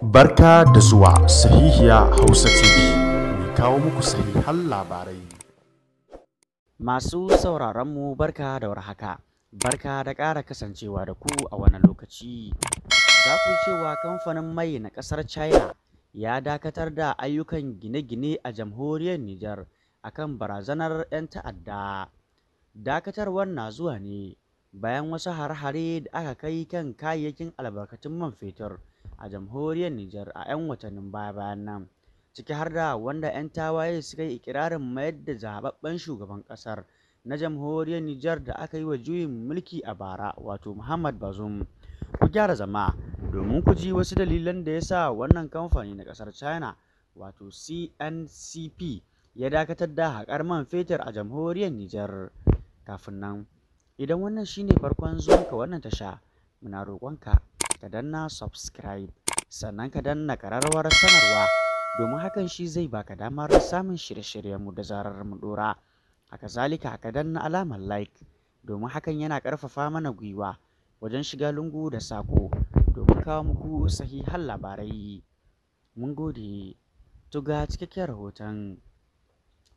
Barka da zuwa sahihiya Hausa TV, mai kawo muku sahihan labarai. Masu sauraronmu barka da warhaka, barka da ƙara kasancewa da ku a wani lokaci. Za ku cewa kamfanin mai na ƙasar China ya dakatar da ayyukan gine-gine a jamhuriyar Nijar akan barazanar 'yan ta'adda. Dakatarwar na zuwa ne bayan wasu har-hare da aka kai kan kayayyakin albarkatun man fetur. a jamhuriyar Nijar a 'yan watannin baya-bayan nan, ciki har da wanda 'yan tawaye suka yi iƙirarin mayar da zaɓaɓɓen shugaban ƙasar na jamhuriyar Nijar da aka yi wa juyin mulki a bara, wato Muhammad Bazoum. Ku gyara zama domin ku ji wasu dalilan da ya sa wannan kamfani na ƙasar China, wato CNCP, ya dakatar da haƙar man fetur a jamhuriyar Nijar. Kafin nan, idan wannan shine farkon zuwanka wannan tasha, muna roƙonka ka danna subscribe sannan ka danna ƙararrawar sanarwa domin hakan shi zai baka damar samun shirye-shiryenmu da zarar mu ɗora. Haka zalika ka danna alamar like domin hakan yana ƙarfafa mana gwiwa wajen shiga lungu da sako domin kawo muku sahihan labarai. Mun gode. Tuga cikakken rahoton.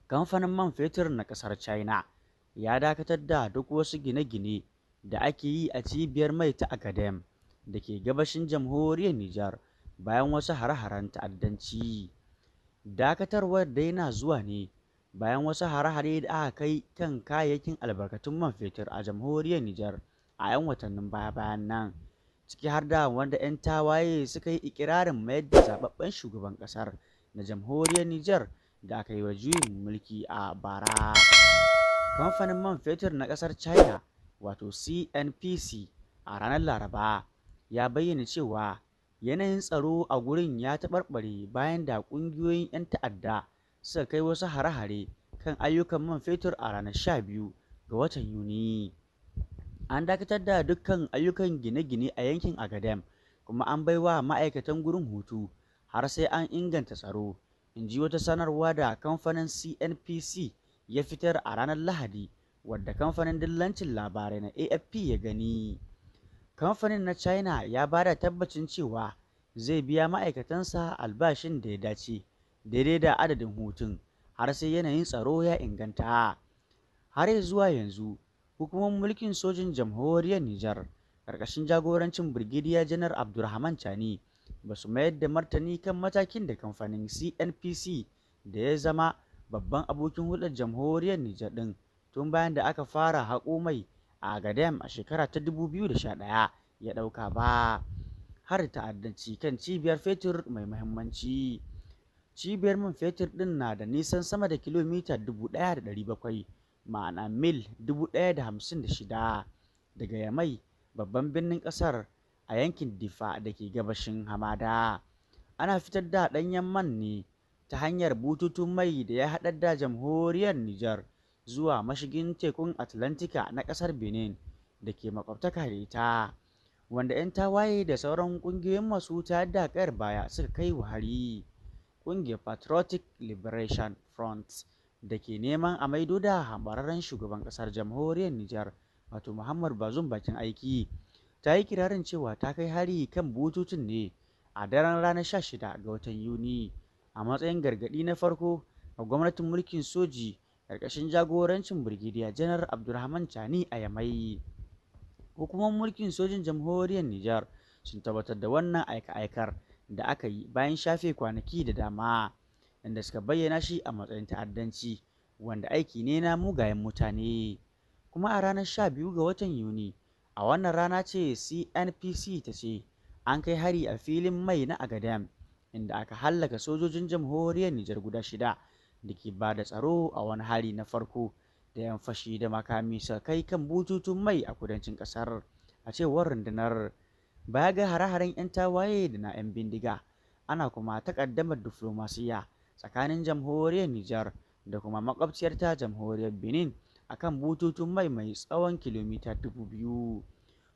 Kamfanin man fetur na ƙasar China ya dakatar da duk wasu gine-gine da ake yi a cibiyar mai ta Akadem. da ke gabashin jamhuriyar Nijar bayan wasu hare-haren ta'addanci. Dakatarwar dai na zuwa ne bayan wasu hare-hare da aka kai kan kayayyakin albarkatun man fetur a jamhuriyar Nijar a 'yan watannin baya-bayan nan, ciki har da wanda 'yan tawaye suka yi ikirarin mayar da zaɓaɓɓen shugaban ƙasar na jamhuriyar Nijar da aka yi wa juyin mulki a bara. Kamfanin man fetur na ƙasar China wato CNPC a ranar Laraba ya bayyana cewa yanayin tsaro a gurin ya taɓarɓare bayan da ƙungiyoyin 'yan ta'adda suka kai wasu hare-hare kan ayyukan man fetur a ranar 12 ga watan Yuni. An dakatar da dukkan ayyukan gine-gine a yankin Agadem kuma an baiwa ma'aikatan gurin hutu har sai an inganta tsaro, in ji wata sanarwa da kamfanin CNPC ya fitar a ranar Lahadi wadda kamfanin dillancin labarai na AFP ya gani. Kamfanin na China ya ba da tabbacin cewa zai biya ma'aikatansa albashin da ya dace daidai da adadin hutun har sai yanayin tsaro ya inganta. Har zuwa yanzu, hukumar mulkin sojin jamhuriyar Nijar ƙarƙashin jagorancin Birgediya Janar abdulrahman Chani ba su mayar da martani kan matakin da kamfanin CNPC da ya zama babban abokin hulɗar jamhuriyar Nijar ɗin tun bayan da aka fara haƙo mai a Agadem a shekara ta 2011 ya ɗauka ba. Har ta'addanci kan cibiyar fetur mai muhimmanci. Cibiyar man fetur ɗin na da nisan sama da kilomita 1,700 ma'ana mil 1,056 daga Yamai babban birnin ƙasar a yankin Difa da ke gabashin hamada. Ana fitar da ɗanyen man ne ta hanyar bututun mai da ya haɗar da jamhuriyar Nijar zuwa mashigin tekun Atlantika na ƙasar Benin da ke maƙwabtaka da ita, wanda 'yan tawaye da sauran ƙungiyoyin masu ta da baya suka kai wa hari. Ƙungiyar Patriotic Liberation Front da ke neman a maido da hambararren shugaban ƙasar jamhuriyar Nijar, wato Muhammad Bazoum bakin aiki, ta yi kirarin cewa ta kai hari kan bututun ne a daren ranar 16 ga watan Yuni, a matsayin gargaɗi na farko a gwamnatin mulkin soji ƙarƙashin jagorancin Birgidiya Janar Abdulrahman Chani a Yamai. Hukumar mulkin sojin jamhuriyar Nijar sun tabbatar da wannan aika-aikar da aka yi bayan shafe kwanaki da dama, inda suka bayyana shi a matsayin ta'addanci, wanda aiki ne na mugayen mutane. Kuma a ranar 12 ga watan Yuni, a wannan rana ce CNPC ta ce an kai hari a filin mai na agadam inda aka hallaka sojojin jamhuriyar Nijar guda shida. da ke ba da tsaro a wani hali na farko da 'yan fashi da makami suka kai kan bututun mai a kudancin kasar a cewar rundunar baya ga hare-haren 'yan tawaye da na 'yan bindiga ana kuma takaddamar diflomasiyya tsakanin jamhuriyar Nijar da kuma makwabciyar ta jamhuriyar Benin kan bututun mai mai tsawon kilomita dubu biyu.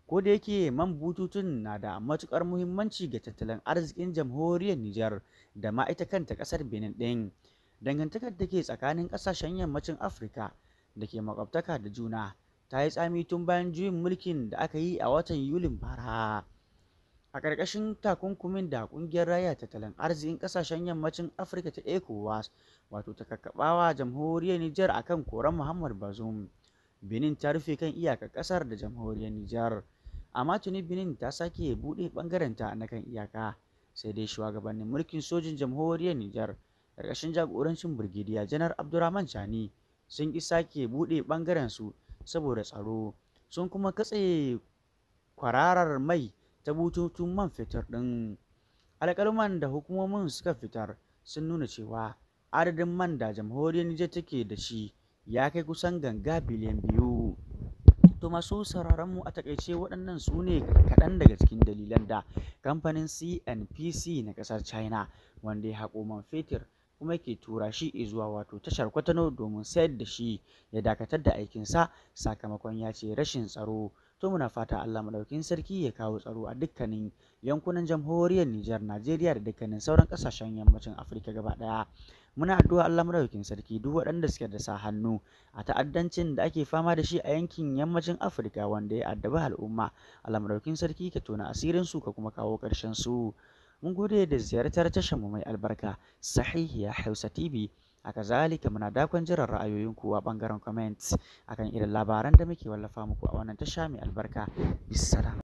Ko da yake man bututun na da matukar muhimmanci ga tattalin arzikin jamhuriyar Nijar da ma ita kanta kasar Benin ɗin. dangantakar da ke tsakanin ƙasashen yammacin afirka da ke makwabtaka da juna ta yi tsami tun bayan juyin mulkin da aka yi a watan yulin bara a ƙarƙashin takunkumin da ƙungiyar raya tattalin arzikin ƙasashen yammacin afirka ta ecowas wato ta kakkaɓawa jamhuriyar nijar akan koran muhammad bazoum benin ta rufe kan iyakar ƙasar da jamhuriyar nijar amma tuni benin ta sake buɗe ɓangarenta na kan iyaka sai dai shugabannin mulkin sojin jamhuriyar nijar ƙarƙashin jagorancin Birgediya Janar Abdurrahman Chani sun ƙi sake buɗe ɓangaren su saboda tsaro sun kuma katse kwararar mai ta bututun man fitar ɗin. Alƙalman da hukumomin suka fitar sun nuna cewa adadin man da jamhuriyar Nijar take da shi ya kai kusan ganga biliyan biyu. To masu sauraron mu a takaice waɗannan su ne kaɗan daga cikin dalilan da kamfanin CNPC na ƙasar China wanda ya haƙo man fetur kuma ke tura shi zuwa wato tashar kwatano domin sayar da shi ya dakatar da aikinsa sakamakon ya ce rashin tsaro to muna fata Allah madaukin sarki ya kawo tsaro a dukkanin yankunan jamhuriyar Nijar Najeriya da dukkanin sauran kasashen yammacin Afirka gaba daya muna addu'a Allah madaukin sarki duk waɗanda suke da sa hannu a ta'addancin da ake fama da shi a yankin yammacin Afirka wanda ya addabi al'umma Allah madaukin sarki ka tona asirin su ka kuma kawo ƙarshen su mun gode da ziyartar tashar mu mai albarka sahihiya Hausa TV a kazalika muna dakon jiran ra'ayoyinku a ɓangaren comments akan irin labaran da muke wallafa muku a wannan tasha mai albarka bisalam